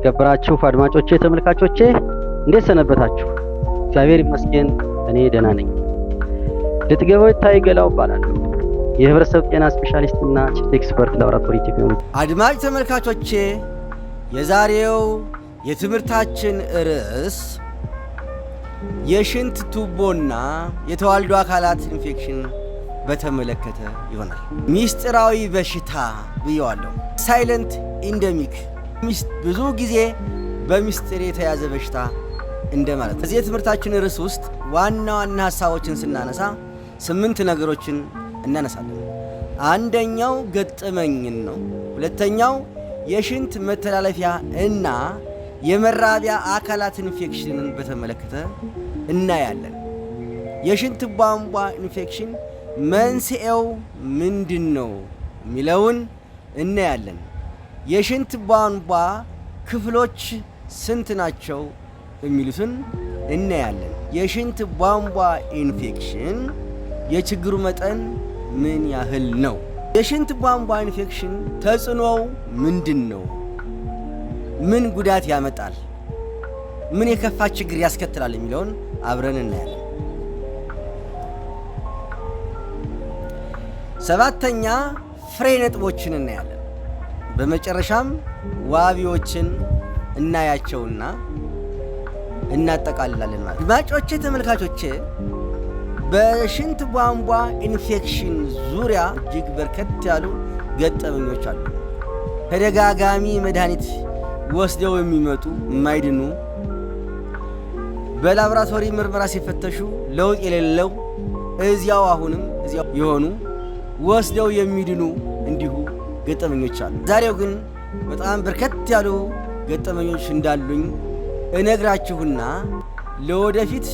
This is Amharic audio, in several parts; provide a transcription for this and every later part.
የተከበራችሁ አድማጮቼ፣ ተመልካቾቼ እንዴት ሰነበታችሁ? እግዚአብሔር ይመስገን እኔ ደህና ነኝ። ልጥገበው ታይገላው ገላው እባላለሁ የህብረተሰብ ጤና ስፔሻሊስትና ቺፍ ኤክስፐርት ላብራቶሪ ቴክኖሎጂ። አድማጭ ተመልካቾቼ የዛሬው የትምህርታችን ርዕስ የሽንት ቱቦና የተዋልዶ አካላት ኢንፌክሽን በተመለከተ ይሆናል። ሚስጥራዊ በሽታ ብየዋለሁ። ሳይለንት ኢንደሚክ ብዙ ጊዜ በሚስጥር የተያዘ በሽታ እንደ ማለት ነው። እዚህ የትምህርታችን ርዕስ ውስጥ ዋና ዋና ሀሳቦችን ስናነሳ ስምንት ነገሮችን እናነሳለን። አንደኛው ገጠመኝን ነው። ሁለተኛው የሽንት መተላለፊያ እና የመራቢያ አካላት ኢንፌክሽንን በተመለከተ እናያለን። የሽንት ቧንቧ ኢንፌክሽን መንስኤው ምንድን ነው የሚለውን እናያለን። የሽንት ቧንቧ ክፍሎች ስንት ናቸው የሚሉትን እናያለን። የሽንት ቧንቧ ኢንፌክሽን የችግሩ መጠን ምን ያህል ነው? የሽንት ቧንቧ ኢንፌክሽን ተጽዕኖው ምንድን ነው? ምን ጉዳት ያመጣል? ምን የከፋ ችግር ያስከትላል የሚለውን አብረን እናያለን። ሰባተኛ ፍሬ ነጥቦችን እናያለን። በመጨረሻም ዋቢዎችን እናያቸውና እናጠቃልላለን ማለት ነው። አድማጮቼ፣ ተመልካቾቼ በሽንት ቧንቧ ኢንፌክሽን ዙሪያ እጅግ በርከት ያሉ ገጠመኞች አሉ። ተደጋጋሚ መድኃኒት ወስደው የሚመጡ የማይድኑ፣ በላብራቶሪ ምርመራ ሲፈተሹ ለውጥ የሌለው እዚያው አሁንም እዚያው የሆኑ ወስደው የሚድኑ እንዲሁ ገጠመኞች አሉ። ዛሬው ግን በጣም በርከት ያሉ ገጠመኞች እንዳሉኝ እነግራችሁና ለወደፊት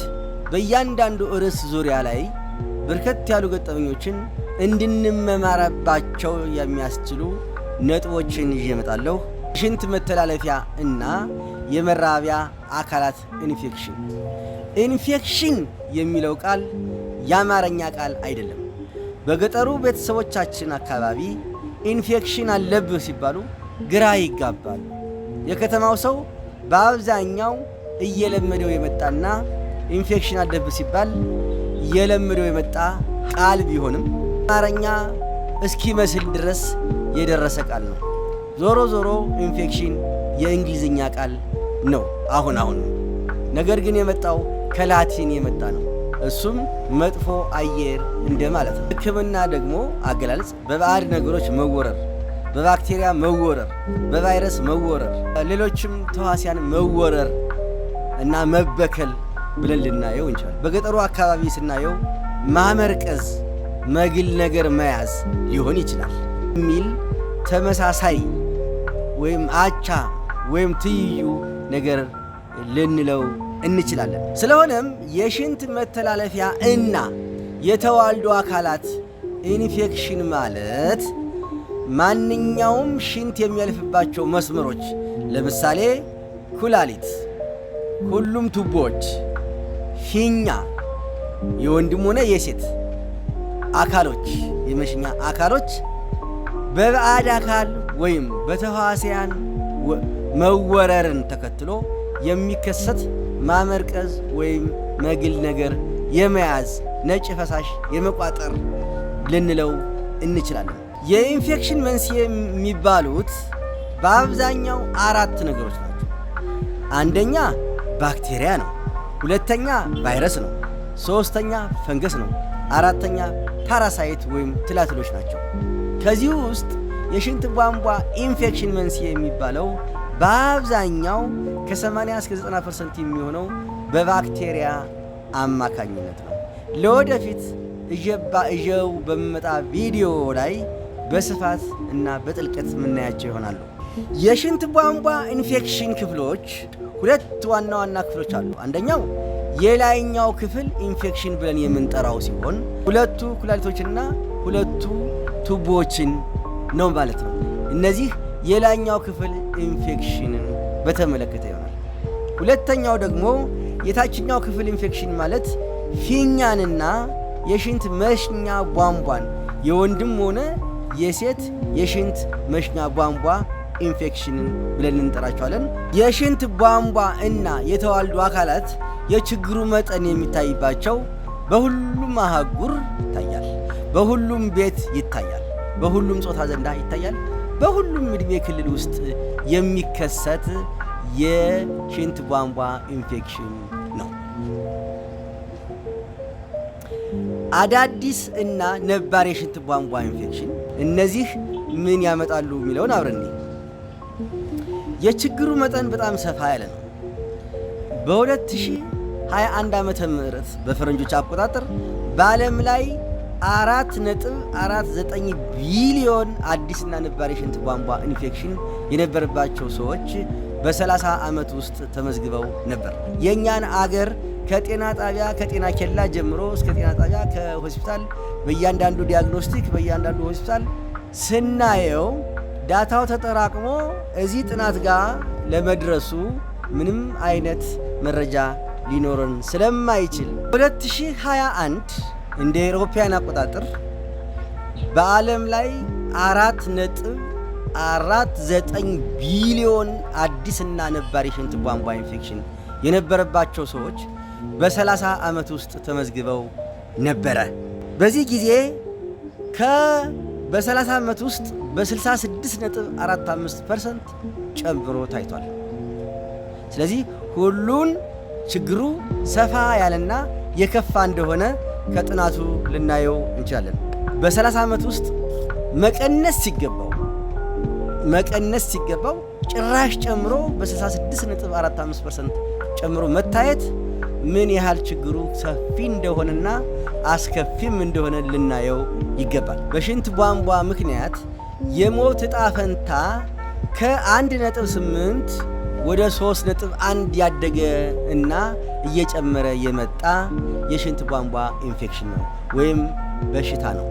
በእያንዳንዱ ርዕስ ዙሪያ ላይ በርከት ያሉ ገጠመኞችን እንድንመማረባቸው የሚያስችሉ ነጥቦችን ይዤ እመጣለሁ። ሽንት መተላለፊያ እና የመራቢያ አካላት ኢንፌክሽን። ኢንፌክሽን የሚለው ቃል የአማርኛ ቃል አይደለም። በገጠሩ ቤተሰቦቻችን አካባቢ ኢንፌክሽን አለብህ ሲባሉ ግራ ይጋባል። የከተማው ሰው በአብዛኛው እየለመደው የመጣና ኢንፌክሽን አለብህ ሲባል እየለመደው የመጣ ቃል ቢሆንም አማርኛ እስኪመስል ድረስ የደረሰ ቃል ነው። ዞሮ ዞሮ ኢንፌክሽን የእንግሊዝኛ ቃል ነው። አሁን አሁን ነገር ግን የመጣው ከላቲን የመጣ ነው። እሱም መጥፎ አየር እንደማለት ነው። ህክምና ደግሞ አገላለጽ በባዕድ ነገሮች መወረር፣ በባክቴሪያ መወረር፣ በቫይረስ መወረር፣ ሌሎችም ተዋሲያን መወረር እና መበከል ብለን ልናየው እንችላል። በገጠሩ አካባቢ ስናየው ማመርቀዝ፣ መግል ነገር መያዝ ሊሆን ይችላል የሚል ተመሳሳይ ወይም አቻ ወይም ትይዩ ነገር ልንለው እንችላለን። ስለሆነም የሽንት መተላለፊያ እና የተዋልዶ አካላት ኢንፌክሽን ማለት ማንኛውም ሽንት የሚያልፍባቸው መስመሮች ለምሳሌ ኩላሊት፣ ሁሉም ቱቦዎች፣ ፊኛ የወንድም ሆነ የሴት አካሎች የመሽኛ አካሎች በባዕድ አካል ወይም በተዋሲያን መወረርን ተከትሎ የሚከሰት ማመርቀዝ ወይም መግል ነገር የመያዝ ነጭ ፈሳሽ የመቋጠር ልንለው እንችላለን። የኢንፌክሽን መንስኤ የሚባሉት በአብዛኛው አራት ነገሮች ናቸው። አንደኛ ባክቴሪያ ነው። ሁለተኛ ቫይረስ ነው። ሶስተኛ ፈንገስ ነው። አራተኛ ፓራሳይት ወይም ትላትሎች ናቸው። ከዚህ ውስጥ የሽንት ቧንቧ ኢንፌክሽን መንስኤ የሚባለው በአብዛኛው ከ80 እስከ 90 ፐርሰንት የሚሆነው በባክቴሪያ አማካኝነት ነው። ለወደፊት እየው በመጣ ቪዲዮ ላይ በስፋት እና በጥልቀት የምናያቸው ይሆናሉ። የሽንት ቧንቧ ኢንፌክሽን ክፍሎች ሁለት ዋና ዋና ክፍሎች አሉ። አንደኛው የላይኛው ክፍል ኢንፌክሽን ብለን የምንጠራው ሲሆን ሁለቱ ኩላሊቶችና ሁለቱ ቱቦዎችን ነው ማለት ነው። እነዚህ የላይኛው ክፍል ኢንፌክሽንን በተመለከተ ይሆናል። ሁለተኛው ደግሞ የታችኛው ክፍል ኢንፌክሽን ማለት ፊኛንና የሽንት መሽኛ ቧንቧን የወንድም ሆነ የሴት የሽንት መሽኛ ቧንቧ ኢንፌክሽንን ብለን እንጠራቸዋለን። የሽንት ቧንቧ እና የተዋልዶ አካላት የችግሩ መጠን የሚታይባቸው በሁሉም አህጉር ይታያል፣ በሁሉም ቤት ይታያል፣ በሁሉም ጾታ ዘንዳ ይታያል። በሁሉም እድሜ ክልል ውስጥ የሚከሰት የሽንት ቧንቧ ኢንፌክሽን ነው። አዳዲስ እና ነባር የሽንት ቧንቧ ኢንፌክሽን እነዚህ ምን ያመጣሉ የሚለውን አብረኔ የችግሩ መጠን በጣም ሰፋ ያለ ነው። በ2021 ዓመተ ምህረት በፈረንጆች አቆጣጠር በዓለም ላይ አራት ነጥብ አራት ዘጠኝ ቢሊዮን አዲስና ነባር የሽንት ቧንቧ ኢንፌክሽን የነበረባቸው ሰዎች በ30 ዓመት ውስጥ ተመዝግበው ነበር። የእኛን አገር ከጤና ጣቢያ ከጤና ኬላ ጀምሮ እስከ ጤና ጣቢያ ከሆስፒታል፣ በእያንዳንዱ ዲያግኖስቲክ በእያንዳንዱ ሆስፒታል ስናየው ዳታው ተጠራቅሞ እዚህ ጥናት ጋር ለመድረሱ ምንም አይነት መረጃ ሊኖረን ስለማይችል 2021 እንደ ኤሮፓያን አቆጣጠር በዓለም ላይ አራት ነጥብ አራት ዘጠኝ ቢሊዮን አዲስና ነባር የሽንት ቧንቧ ኢንፌክሽን የነበረባቸው ሰዎች በ30 ዓመት ውስጥ ተመዝግበው ነበረ። በዚህ ጊዜ ከ በ30 ዓመት ውስጥ በ66.45 ፐርሰንት ጨምሮ ታይቷል። ስለዚህ ሁሉን ችግሩ ሰፋ ያለና የከፋ እንደሆነ ከጥናቱ ልናየው እንችላለን። በ30 ዓመት ውስጥ መቀነስ ሲገባው መቀነስ ሲገባው ጭራሽ ጨምሮ በ66.45% ጨምሮ መታየት ምን ያህል ችግሩ ሰፊ እንደሆነና አስከፊም እንደሆነ ልናየው ይገባል። በሽንት ቧንቧ ምክንያት የሞት እጣ ፈንታ ከ1.8 ወደ 3.1 ያደገ እና እየጨመረ የመጣ የሽንት ቧንቧ ኢንፌክሽን ነው ወይም በሽታ ነው።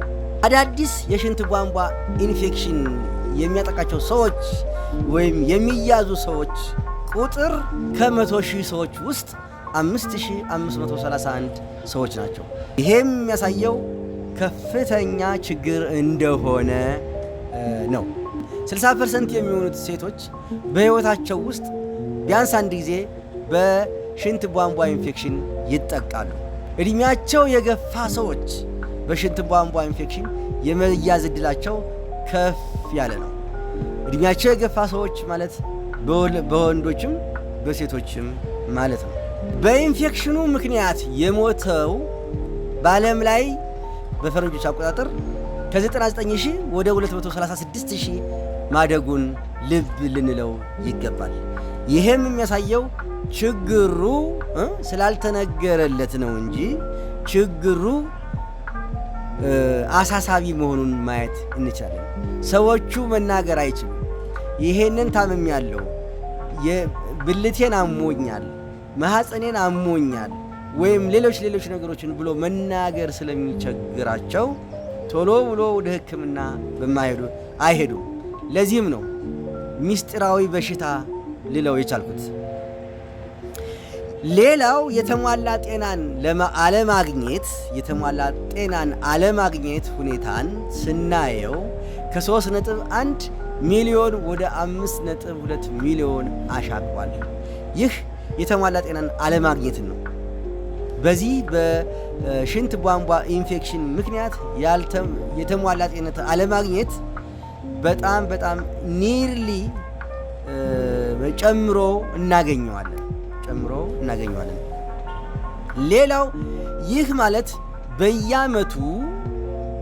አዳዲስ የሽንት ቧንቧ ኢንፌክሽን የሚያጠቃቸው ሰዎች ወይም የሚያዙ ሰዎች ቁጥር ከመቶ ሺህ ሰዎች ውስጥ 5531 ሰዎች ናቸው። ይሄም የሚያሳየው ከፍተኛ ችግር እንደሆነ ነው። 60 ፐርሰንት የሚሆኑት ሴቶች በሕይወታቸው ውስጥ ቢያንስ አንድ ጊዜ በሽንት ቧንቧ ኢንፌክሽን ይጠቃሉ። እድሜያቸው የገፋ ሰዎች በሽንት ቧንቧ ኢንፌክሽን የመያዝ እድላቸው ከፍ ያለ ነው። እድሜያቸው የገፋ ሰዎች ማለት በወንዶችም በሴቶችም ማለት ነው። በኢንፌክሽኑ ምክንያት የሞተው በዓለም ላይ በፈረንጆች አቆጣጠር ከ99 ሺህ ወደ 236 ሺህ ማደጉን ልብ ልንለው ይገባል። ይህም የሚያሳየው ችግሩ ስላልተነገረለት ነው እንጂ ችግሩ አሳሳቢ መሆኑን ማየት እንችላለን። ሰዎቹ መናገር አይችሉም። ይሄንን ታምም ያለው ብልቴን አሞኛል፣ ማህፀኔን አሞኛል ወይም ሌሎች ሌሎች ነገሮችን ብሎ መናገር ስለሚቸግራቸው ቶሎ ብሎ ወደ ሕክምና በማይሄዱ አይሄዱም። ለዚህም ነው ሚስጢራዊ በሽታ ልለው የቻልኩት። ሌላው የተሟላ ጤናን አለማግኘት የተሟላ ጤናን አለማግኘት ሁኔታን ስናየው ከ ነጥብ ሚሊዮን ወደ 5.2 ሚሊዮን አሻቅቧል። ይህ የተሟላ ጤናን አለማግኘትን ነው። በዚህ በሽንት ቧንቧ ኢንፌክሽን ምክንያት የተሟላ ጤናን አለማግኘት በጣም በጣም ኒርሊ ጨምሮ እናገኘዋለን ጨምሮ እናገኘዋለን። ሌላው ይህ ማለት በየዓመቱ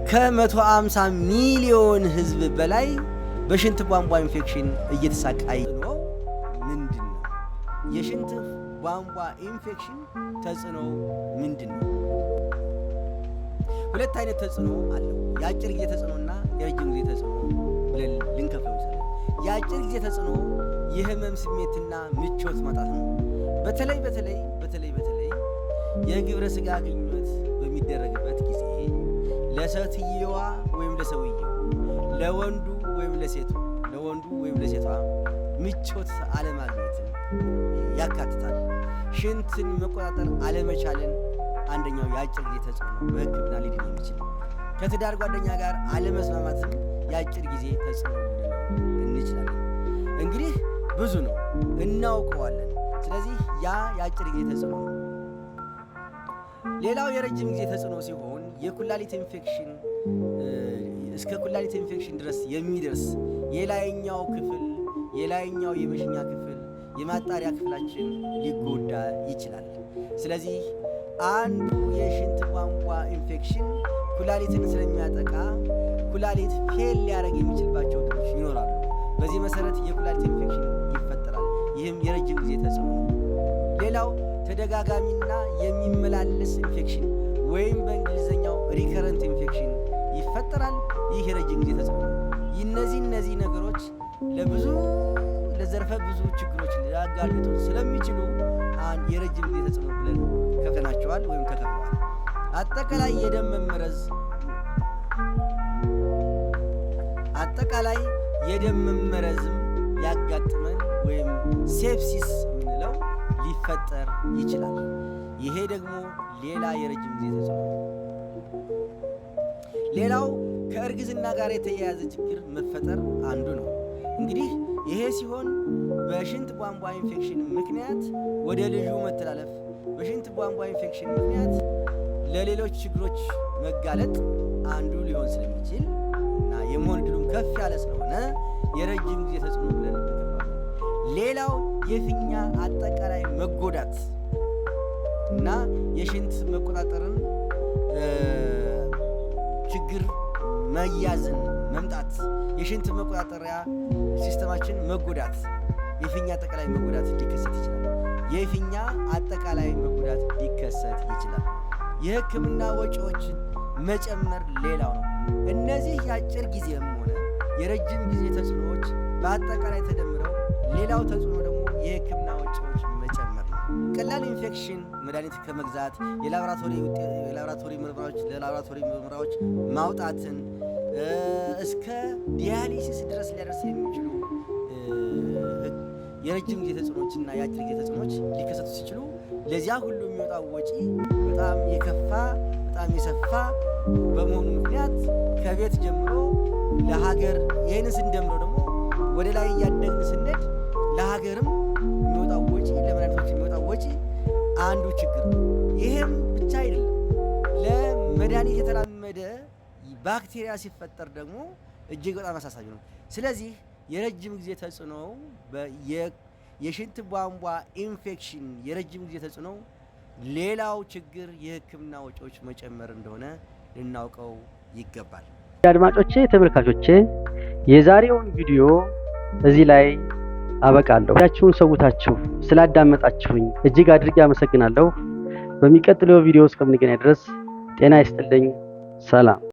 ከ150 ሚሊዮን ህዝብ በላይ በሽንት ቧንቧ ኢንፌክሽን እየተሳቃይ ነው። ምንድን ነው የሽንት ቧንቧ ኢንፌክሽን ተጽዕኖ ምንድን ነው? ሁለት አይነት ተጽዕኖ አለው። የአጭር ጊዜ ተጽዕኖና የረጅም ጊዜ ተጽዕኖ ብለን ልንከፍለው ይችላል። የአጭር ጊዜ ተጽዕኖ የህመም ስሜትና ምቾት ማጣት ነው። በተለይ በተለይ በተለይ በተለይ የግብረ ስጋ ግንኙነት በሚደረግበት ጊዜ ለሴትየዋ ወይም ለሰውየው፣ ለወንዱ ወይም ለሴቱ፣ ለወንዱ ወይም ለሴቷ ምቾት አለማግኘትን ያካትታል። ሽንትን መቆጣጠር አለመቻልን አንደኛው የአጭር ጊዜ ተጽዕኖ በሕክምና ሊድን የሚችል ከትዳር ጓደኛ ጋር አለመስማማትን የአጭር ጊዜ ተጽዕኖ እንችላለን እንግዲህ ብዙ ነው፣ እናውቀዋለን። ስለዚህ ያ የአጭር ጊዜ ተጽዕኖ ነው። ሌላው የረጅም ጊዜ ተጽዕኖ ሲሆን የኩላሊት ኢንፌክሽን እስከ ኩላሊት ኢንፌክሽን ድረስ የሚደርስ የላይኛው ክፍል የላይኛው የመሽኛ ክፍል የማጣሪያ ክፍላችን ሊጎዳ ይችላል። ስለዚህ አንዱ የሽንት ቧንቧ ኢንፌክሽን ኩላሊትን ስለሚያጠቃ ኩላሊት ፌል ሊያደርግ የሚችልባቸው ድሮች ይኖራሉ። በዚህ መሰረት የኩላሊት ኢንፌክሽን ይህም የረጅም ጊዜ ተጽዕኖ ሌላው ተደጋጋሚና የሚመላለስ ኢንፌክሽን ወይም በእንግሊዝኛው ሪከረንት ኢንፌክሽን ይፈጠራል። ይህ የረጅም ጊዜ ተጽዕኖ እነዚህ እነዚህ ነገሮች ለብዙ ለዘርፈ ብዙ ችግሮች ሊያጋልጡ ስለሚችሉ አንድ የረጅም ጊዜ ተጽዕኖ ብለን ከፍተናቸዋል ወይም ከከፍተዋል። አጠቃላይ የደም መመረዝ አጠቃላይ የደም መመረዝም ሊያጋጥመን ወይም ሴፕሲስ የምንለው ሊፈጠር ይችላል። ይሄ ደግሞ ሌላ የረጅም ጊዜ ተጽዕኖ። ሌላው ከእርግዝና ጋር የተያያዘ ችግር መፈጠር አንዱ ነው። እንግዲህ ይሄ ሲሆን በሽንት ቧንቧ ኢንፌክሽን ምክንያት ወደ ልጁ መተላለፍ፣ በሽንት ቧንቧ ኢንፌክሽን ምክንያት ለሌሎች ችግሮች መጋለጥ አንዱ ሊሆን ስለሚችል እና የመሆን ከፍ ያለ ስለሆነ የረጅም ጊዜ ተጽዕኖ ብለን ሌላው የፊኛ አጠቃላይ መጎዳት እና የሽንት መቆጣጠርን ችግር መያዝን መምጣት የሽንት መቆጣጠሪያ ሲስተማችን መጎዳት የፊኛ አጠቃላይ መጎዳት ሊከሰት ይችላል። የፊኛ አጠቃላይ መጎዳት ሊከሰት ይችላል። የሕክምና ወጪዎችን መጨመር ሌላው ነው። እነዚህ የአጭር ጊዜም ሆነ የረጅም ጊዜ ተጽዕኖዎች በአጠቃላይ ተደምረው ሌላው ተጽዕኖ ደግሞ የህክምና ወጪዎች መጨመር ነው። ቀላል ኢንፌክሽን መድኃኒት ከመግዛት የላቦራቶሪ ምርመራዎች ለላቦራቶሪ ምርመራዎች ማውጣትን እስከ ዲያሊሲስ ድረስ ሊያደርስ የሚችሉ የረጅም ጊዜ ተጽዕኖችና የአጭር ጊዜ ተጽዕኖች ሊከሰቱ ሲችሉ ለዚያ ሁሉ የሚወጣው ወጪ በጣም የከፋ በጣም የሰፋ በመሆኑ ምክንያት ከቤት ጀምሮ ለሀገር ይህን ስንደምረው ደግሞ ወደ ላይ እያደግን ስንሄድ ለሀገርም የሚወጣው ወጪ፣ ለመድኃኒቶች የሚወጣው ወጪ አንዱ ችግር ነው። ይህም ብቻ አይደለም። ለመድኃኒት የተላመደ ባክቴሪያ ሲፈጠር ደግሞ እጅግ በጣም አሳሳቢ ነው። ስለዚህ የረጅም ጊዜ ተጽዕኖው የሽንት ቧንቧ ኢንፌክሽን የረጅም ጊዜ ተጽዕኖው ሌላው ችግር የሕክምና ወጪዎች መጨመር እንደሆነ ልናውቀው ይገባል። አድማጮቼ ተመልካቾቼ የዛሬውን ቪዲዮ እዚህ ላይ አበቃለሁ። ያችሁን ሰውታችሁ ስላዳመጣችሁኝ እጅግ አድርጌ አመሰግናለሁ። በሚቀጥለው ቪዲዮ እስከምንገናኝ ድረስ ጤና ይስጥልኝ። ሰላም